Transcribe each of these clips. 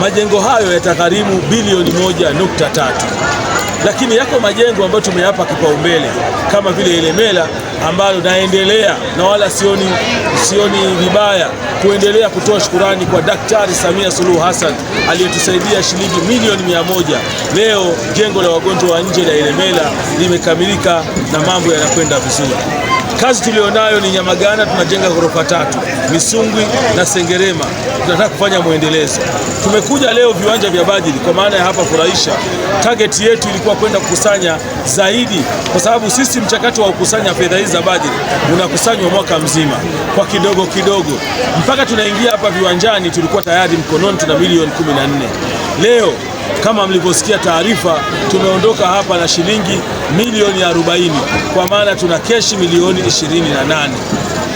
majengo hayo yatagharimu bilioni moja nukta tatu lakini yako majengo ambayo tumeyapa kipaumbele kama vile Ilemela ambalo naendelea na wala sioni, sioni vibaya kuendelea kutoa shukurani kwa Daktari Samia Suluhu Hassan aliyetusaidia shilingi milioni mia moja. Leo jengo la wagonjwa wa nje la Ilemela limekamilika na mambo yanakwenda vizuri. Kazi tulionayo ni Nyamagana, tunajenga ghorofa tatu Misungwi na Sengerema, tunataka kufanya mwendelezo. Tumekuja leo viwanja vya Bajili kwa maana ya hapa Furahisha. Target yetu ilikuwa kwenda kukusanya zaidi, kwa sababu sisi mchakato wa kukusanya fedha hizi za Bajili unakusanywa mwaka mzima kwa kidogo kidogo, mpaka tunaingia hapa viwanjani tulikuwa tayari mkononi tuna milioni 14 leo kama mlivyosikia taarifa, tumeondoka hapa na shilingi milioni 40 kwa maana tuna keshi milioni 28.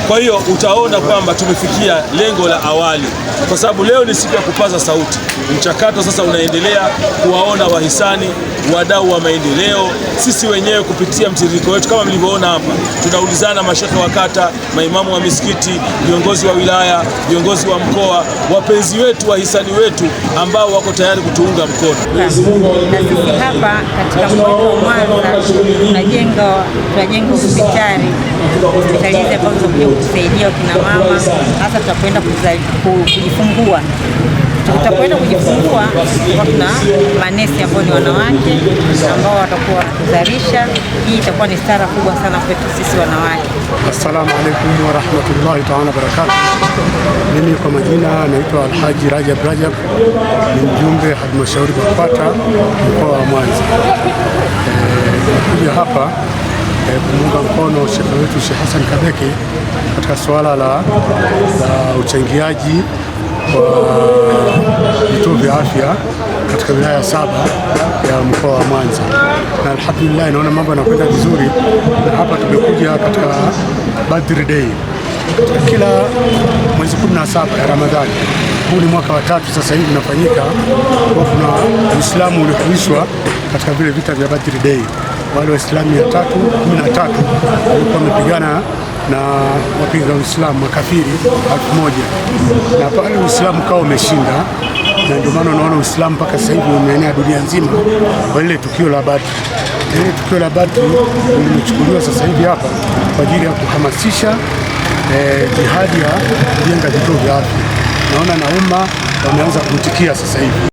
Kwa hiyo utaona kwamba tumefikia lengo la awali, kwa sababu leo ni siku ya kupaza sauti. Mchakato sasa unaendelea kuwaona wahisani wadau wa maendeleo, sisi wenyewe kupitia mtiririko wetu. Kama mlivyoona hapa, tunaulizana mashehe wa kata, maimamu wa misikiti, viongozi wa wilaya, viongozi wa mkoa, wapenzi wetu, wahisani wetu ambao wako tayari kutuunga mkono. Hapa katika mkoa wa Mwanza tunajenga tunajenga hospitali hospitali hizi ambazo zitakuja kutusaidia wakina mama, hasa tutakwenda kujifungua Tutakwenda kujifungua kwa manesi ambao ni wanawake ambao watakuwa wanatuzalisha. Hii itakuwa ni stara kubwa sana kwetu sisi wanawake. Assalamu wa warahmatullahi taala barakatuh. Mimi kwa majina naitwa Alhaji Rajab Rajab, ni mjumbe halmashauri kupata mkoa wa Mwanza. Nakuja e, hapa e, kumuunga mkono shekhe wetu Sheikh Hassan Kabeke katika suala la, la uchangiaji wa vituo vya afya katika wilaya saba ya mkoa wa Mwanza, na alhamdulillah naona mambo yanakwenda vizuri, na hapa tumekuja katika Badri Day katika kila mwezi 17 ya Ramadhani. Huu ni mwaka wa tatu sasa hivi unafanyika, kwa kuna Uislamu ulikuishwa katika vile vita vya Badri Day, wale Waislamu ya tatu kumi na tatu walikuwa wamepigana na wapinga Uislamu makafiri elfu moja na pale Uislamu kawa umeshinda, na ndio maana unaona Uislamu mpaka sasa hivi umeenea dunia nzima kwa ile tukio la Badri. Ile tukio la Badri limechukuliwa sasa hivi hapa kwa ajili ya kuhamasisha eh, jihadi ya kujenga vituo vya afya. Naona na umma wameanza kuitikia sasa hivi.